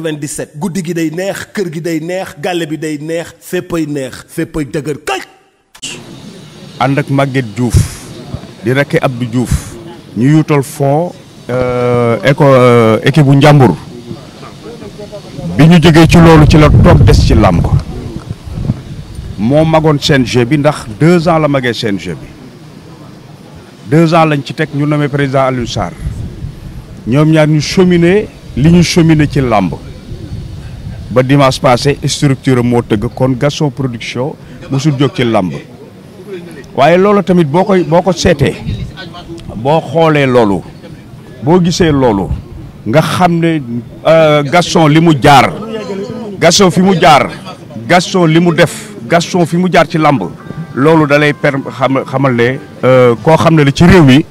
97 guddi gi day neex kër gi day neex gàlle bi day neex féppay neex féppay dëgër kay ànd ak Maguette di rekk Abdou juuf ñu yuutal fond euh, éco euh, équipe bu njàmbur bi ñu jógee ci loolu ci la toog des ci làmb moo magoon CNG bi ndax deux ans la magee CNG bi deux ans lañ ci teg ñu nommé président Alioune Sarr ñoom ñaar ñu cheminé li ñu cheminé ci làmb ba dimanche passé structure moo tëgg kon Gaston Production musul jóg ci làmb waaye loolu tamit boo koy boo ko seetee boo xoolee loolu boo gisee loolu nga xam ne euh, Gaston li mu jaar Gaston fi mu jaar Gaston li mu def Gaston fi mu jaar ci làmb loolu dalay per xam xamal ne euh, koo xam ne la ci réew yi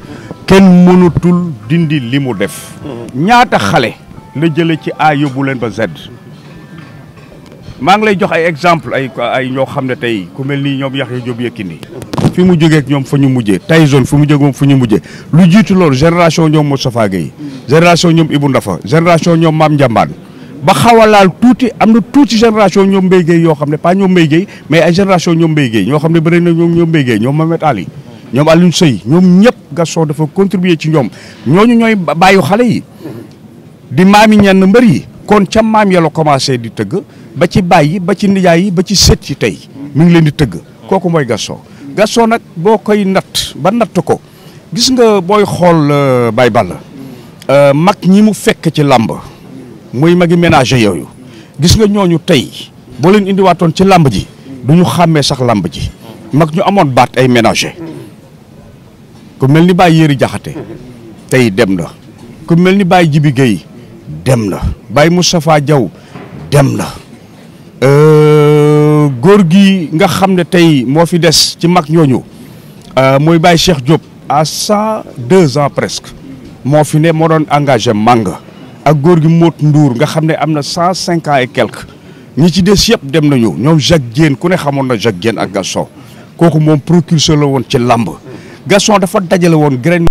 kenn mënutul dindi li mu def mm-hmm. ñaata xale la jële ci A yóbbu leen ba Z maa ngi lay jox ay exemple ay ay ñoo xam ne tey ku mel nii ñoom Yaxya Jóob Yékini fi mu jógeek ñoom fa ñu mujjee Tyson fu mu jógee moom ñu mujjee lu jiitu loolu génération ñoom Moustapha Gueye génération ñoom Ibou Ndafa génération ñoom Maam Njambaan ba xaw a laal tuuti am na tuuti génération ñoom Mbaye yoo xam ne pas ñoom Mbaye Gueye mais ay génération ñoom Mbaye Gueye ñoo xam ne na ñoom ñoom Mbaye Gueye ñoom Mamet Ali ñoom Alioune Seye ñoom ñëpp Gaston dafa contribuer ci ñoom ñooñu ñooy bàyyu xale yi di maami ñenn mbër yi kon ca maam ya la commencé di tëgg ba ci bàyyi ba ci nijaay yi ba ci seet ci tey mi ngi leen di tëgg kooku mooy Gaston Gaston nag boo koy natt ba natt ko gis nga booy xool euh, Baye Balla euh, mag ñi mu fekk ci làmb muy magi ménage yooyu gis nga ñooñu tey boo leen indiwaatoon ci làmb ji du ñu xàmmee sax làmb ji mag ñu amoon baat ay ménager ku mel ni Baye Yéri Jaxate tey dem na ku mel ni Baye Jibi Guèye dem na Baye Moustapha Diaw dem na euh, góor gi nga xam ne tey moo fi des ci mag ñooñu euh, mooy bàyyi Cheikh Diop à cent deux ans presque moo fi ne moo doon engagé manga ak góor gi Moot Ndour nga xam ne am na cent cinq et quelques ñi ci des yëpp dem nañu ñoom Jacques Diène ku ne xamoon na Jacques Diène ak Gaston kooku moom précurseur la woon ci làmb Gaston dafa dajale woon graine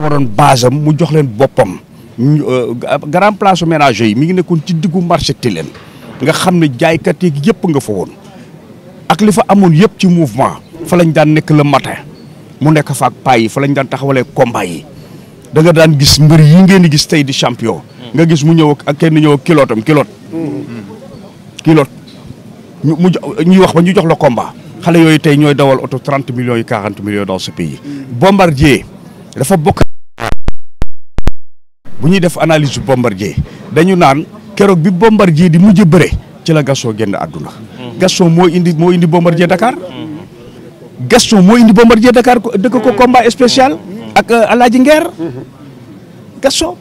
moo doon basam mu jox leen boppam Euh, grand place ménager yi mi ngi nekkoon ci diggu marché Tilène nga xam ne jaaykat yi yëpp nga fa woon ak li fa amoon yëpp ci mouvement fa lañ daan nekk la matin mu nekk fa ak paa yi fa lañ daan taxawalee combat yi da nga daan gis mbër yi ngeen di gis tey di champion nga gis mu ñëw ak kenn ñëw kilotam kilot kilot ñu mu ñuy wax ba ñu jox la combat xale yooyu tey ñooy dawal oto 30 millions yi 40 millions dans ce pays bombardier dafa bokk bu ñuy def analyse bu Bombardier dañu naan keroog bi Bombardier di mujj bëre ci la Gaston génn àdduna. Gaston moo indi moo indi Bombardier Dakar. Gaston moo indi Bombardier Dakar dëkk ko komba spécial. ak euh, Alaaji Ngeer. Gaston.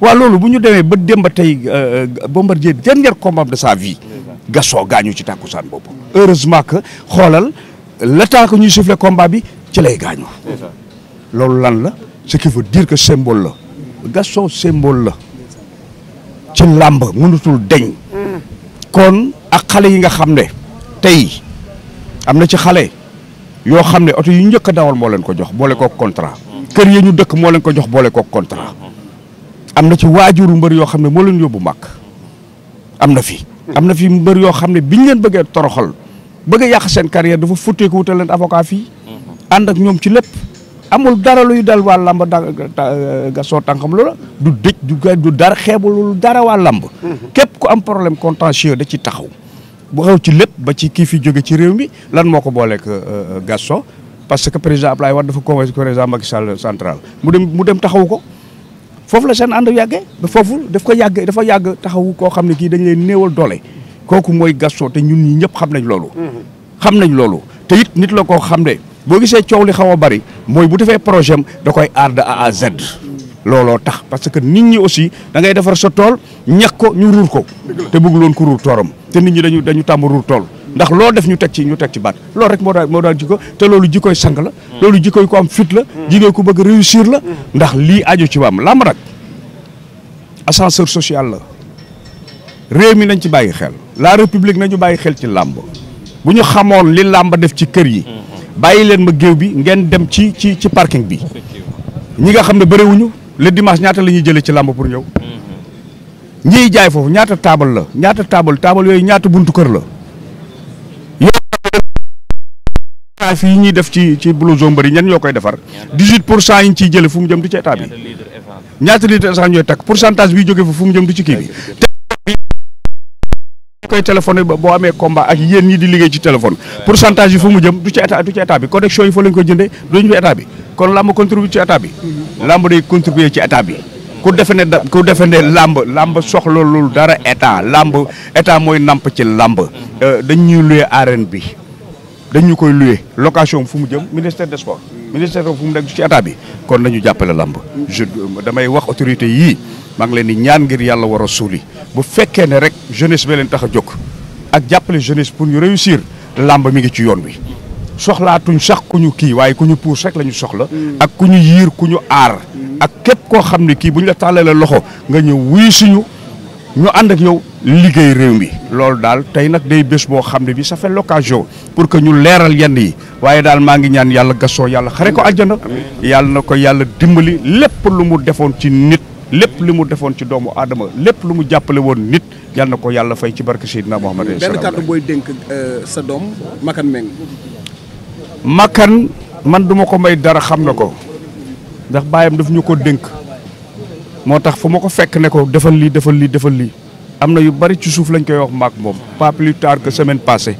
waaw loolu bu ñu demee ba ba tey euh, Bombardier dernier combat de sa vie. Gaston gaañu ci tàkkusaan boobu. heureusement que xoolal le temps que ñuy soufflé combat bi ci lay gaañu. loolu lan la ce qui veut dire que symbole la. Gaston symbole la ci làmb mënutul deñ kon ak xale yi nga xam ne tey am na ci xale yoo xam ne oto yu njëkk dawal moo leen ko jox boole kook contrat kër yi ñu dëkk moo leen ko jox boole kook contrat am na ci waajuru mbër yoo xam ne moo leen yóbbu mag am na fi am na fi mbër yoo xam ne biñ leen bëggee toroxol bëgg a yàq seen carrière dafa futteeku wutal leen avocat fii ànd ak ñoom ci lépp amul dara luy dal waa lamb da Gaston tànkam loola du dëj du ga du dara xeebul dara waa lamb képp ku am problème contentieux da ci taxaw bu xew ci lépp ba ci kii fi jóge ci réew mi lan moo ko booleeg euh, euh, Gaston parce que président Ablaye Wade dafa convoqué président Macky Sall central mu dem mu dem taxaw ko foofu la seen ànd yàggee ba foofu daf ko yàgg dafa yàgg taxawu koo xam ne kii dañ leen néewal doole kooku mooy Gaston te ñun ñi ñëpp xam nañ loolu xam nañ loolu te it nit la koo xam ne boo gisee coow li xaw a bari mooy bu defee projet am da koy aar de A à Z. looloo tax parce que nit ñi aussi da ngay defar sa tool ñàkk ko ñu ruur ko te bëgg loon ko ruur tooram te nit ñi dañu dañu tàmm ruur tool ndax loo def ñu teg ci ñu teg ci baat loolu rek moo daal moo daal jikko te loolu jikkoy sang la loolu jikkoy ko am fit la jigéen ku bëgg réussir la ndax lii aju ci waam làmb nag ascenseur social la réew mi nañ ci bàyyi xel la république nañu bàyyi xel ci làmb bu ñu xamoon li làmba def ci kër yi bàyyi leen ma géew bi ngeen dem ci ci ci parking bi ñi nga xam ne bëriwuñu le dimanche ñaata la ñuy jëlee ci làmb pour ñëw mm-hmm. ñiy jaay foofu ñaata taabal la ñaata taabal taabal yooyu ñaata buntu kër la waaw fii ñuy def ci ci blouson mbër yi ñan ñoo koy defar 18 pour cent yi ñu ciy jële fu mu jëm du ci état bi ñaata litre essence ñooy takk centage bi jóge fa fu mu jëm du ci kii bi. koy téléphoné ba boo amee combat ak yéen ñi di liggéey ci téléphone pourcentage yi fu mu jëm du ci état du ci état bi connexion yi fa lañ ko jëndee duñu fi état kon làmb contribuer ci état bi mm-hmm. làmb day contribuer ci état bi ku defe ne da ku defe ne loolu dara état lamb état mooy namp ci làmb euh, dañuy luye arène bi dañu koy luye location fu mu jëm ministère des sports ministère fu mu nekk ci état bi kon nañu jàppale lamb je damay wax autorité yii maa ngi leen di ñaan ngir yàlla war a suuli bu fekkee ne rek jeunesse bi leen tax a jóg ak jàppale jeunesse pour ñu réussir lamb mi ngi ci yoon wi soxlaatuñ sax ku ñu kii waaye ku ñu puus rek la ñu soxla mm. ak ku ñu yiir ku ñu aar mm. ak képp koo xam ne kii bu ñu la tàllalee loxo nga ñëw wuy suñu ñu ànd ak yow liggéey réew mi loolu daal tey nag day bés boo xam ne bi sa fait l'occasion pour que ñu leeral yenn yi waaye daal maa ngi ñaan yàlla gasoo yàlla xare ko àjjana yàlla na ko yàlla dimbali lépp lu mu defoon ci nit lépp lu mu defoon ci doomu aadama lépp lu mu jàppale woon nit yàlla na ko yàlla fay ci barke Seydina Muhammad benn kàddu booy dénk euh, sa doom Makan Meng Makan man duma ko may dara xam na ko ndax baayam daf ñu ko dénk moo tax fu ma ko fekk ne ko defal lii defal lii defal lii am na yu bari ci suuf lañ koy wax maak moom pas plus tar que semaine passée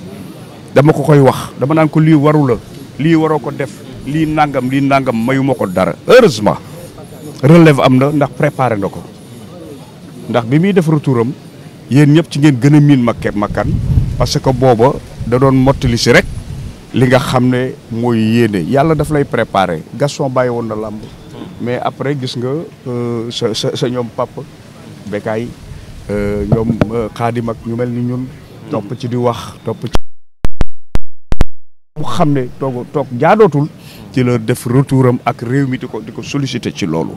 dama ko koy wax dama naan ko lii warula la lii waroo ko def lii nangam lii nangam mayuma ko dara heureusement relève am na ndax préparer na ko ndax bi muy def retour am yéen ñëpp ci ngeen gën a miin ma makkan parce que booba da doon mottali si rek li nga xam ne mooy yéene yàlla daf lay préparer Gaston bàyyi woon na làmb mais après gis nga euh, sa sa sa ñoom papa Bécaye Euh, ñoom xaadim euh, ak ñu mel ni ñun topp ci di wax topp ci bu xam ne toog toog jaadootul ci la def retour am ak réew mi di ko di ko sollicité ci loolu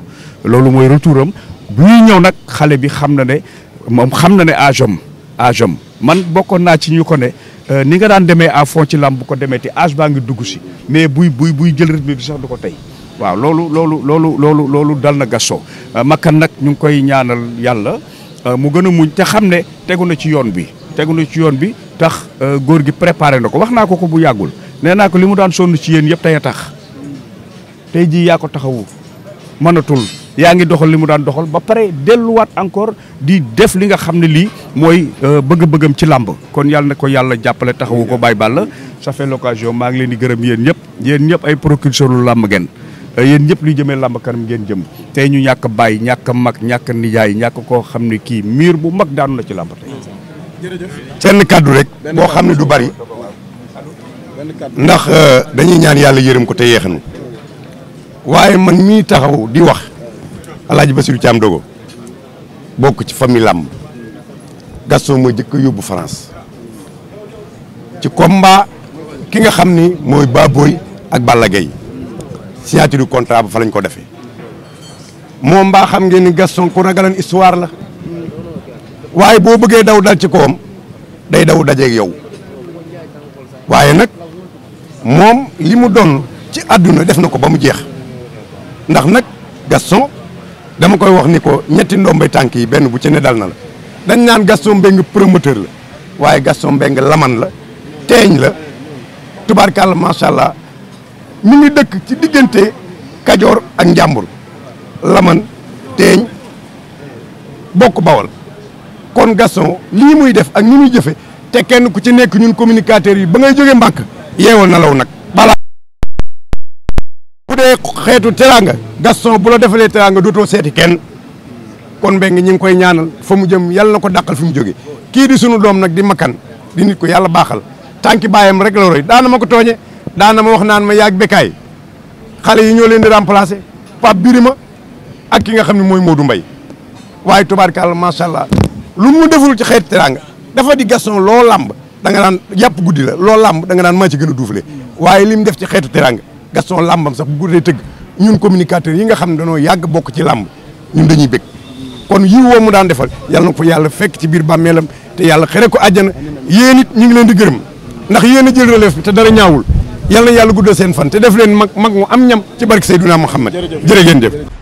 loolu mooy retour am bu ñëw nag xale bi xam na ne moom xam na ne âge am man bokkoon naa ci ñu ko ne euh, ni nga daan demee à fond ci làmb bu ko demee te ajo baa ngi dugg si mais buy buy buy jël rythme bi sax du ko tey waaw loolu loolu loolu loolu loolu dal na Gaston kan nag ñu ngi koy ñaanal yàlla Euh, mu gën a muñ te xam ne tegu na ci yoon bi tegu na ci yoon bi tax euh, góor gi préparer na ko wax naa ko ko bu yàggul nee naa ko li mu daan sonn ci yéen yëpp tey tax tey jii yaa ko taxawu mënatul yaa ngi doxal li mu daan doxal ba pare delluwaat encore di def li nga xam ne lii mooy euh, bëgg-bëggam ci làmb kon yàlla na ko yàlla jàppale taxawu ko Baye Balla safe fait l'occasion maa ngi leen di gërëm yéen ñëpp yéen ñëpp ay précurseur lu làmb ngeen yéen ñëpp luy jëmee làmb kanam ngeen jëm tey ñu ñàkk bàyyi ñàkk mag ñàkk nijaay ñàkk koo xam ne kii miir bu mag daanu la ci làmb tey seen kàddu rek boo xam ne du bari ndax euh, dañuy ñaan yàlla yërëm ko te yeexanu waaye man mii taxaw di wax alaaji Basiru Caam Dogo bokk ci famille làmb Gaston mooy jëkk yóbbu France ci combat ki nga xam ni mooy Baboy ak Balla Gaye signature du contrat ba fa ko defee moom mbaa xam ngeen ni Gaston ku ragalan histoire la waaye boo bëggee daw dal ci kawam day daw dajeek yow waaye nag moom li mu doon ci àdduna def na ko ba mu jeex ndax nag Gaston dama koy wax ni ko ñetti ndoom ndombay tànk yi benn bu ci ne dal na la dañ naan Gaston Mbengue promoteur la waaye Gaston Mbengue laman la teeñ la tubaarkàlla macha allah. mi ngi dëkk ci diggante Kajoor ak Njàmbur Laman Teeñ bokk Bawol kon Gaston li lii muy def ak ni muy jëfe te kenn ku ci nekk ñun communicateurs yi ba ngay jóge mbàkk yeewal na law nag balaa bu dee xeetu teraanga Gaston bu la defalee teraanga dootoo seeti kenn kon Mbengue ñi ngi koy ñaanal fa mu jëm yàlla na ko dàqal fi mu jóge kii di sunu doom nag di makan di nit ko yàlla baaxal tànki baayam rek la roy daana ma ko tooñe daana ma wax naan ma yaag Bécaye xale yi ñoo leen di remplacer Pape Birima ak ki nga xam ne mooy Modou mbay waaye tubaarkàlla macha allah lu mu deful ci xeet teranga dafa di Gaston loo làmb da nga naan yàpp guddi la loo làmb danga daan naan maa ci gën a duufle waaye li mu def ci xeetu teranga Gaston làmbam sax bu guddee tëgg ñun communicateurs yi nga xam ne dañoo yàgg bokk ci làmb ñun dañuy bég kon yi woo mu daan defal yàlla na ko yàlla fekk ci biir bàmmeelam te yàlla xere ko àjjana yéen ñu ngi leen di gërëm ndax yéen a bi te dara ñaawul yal na yàlla guddal seen fan te def leen mag mag mu am ñam ci barke Seydina Muhammad jërëjëf jërëjëf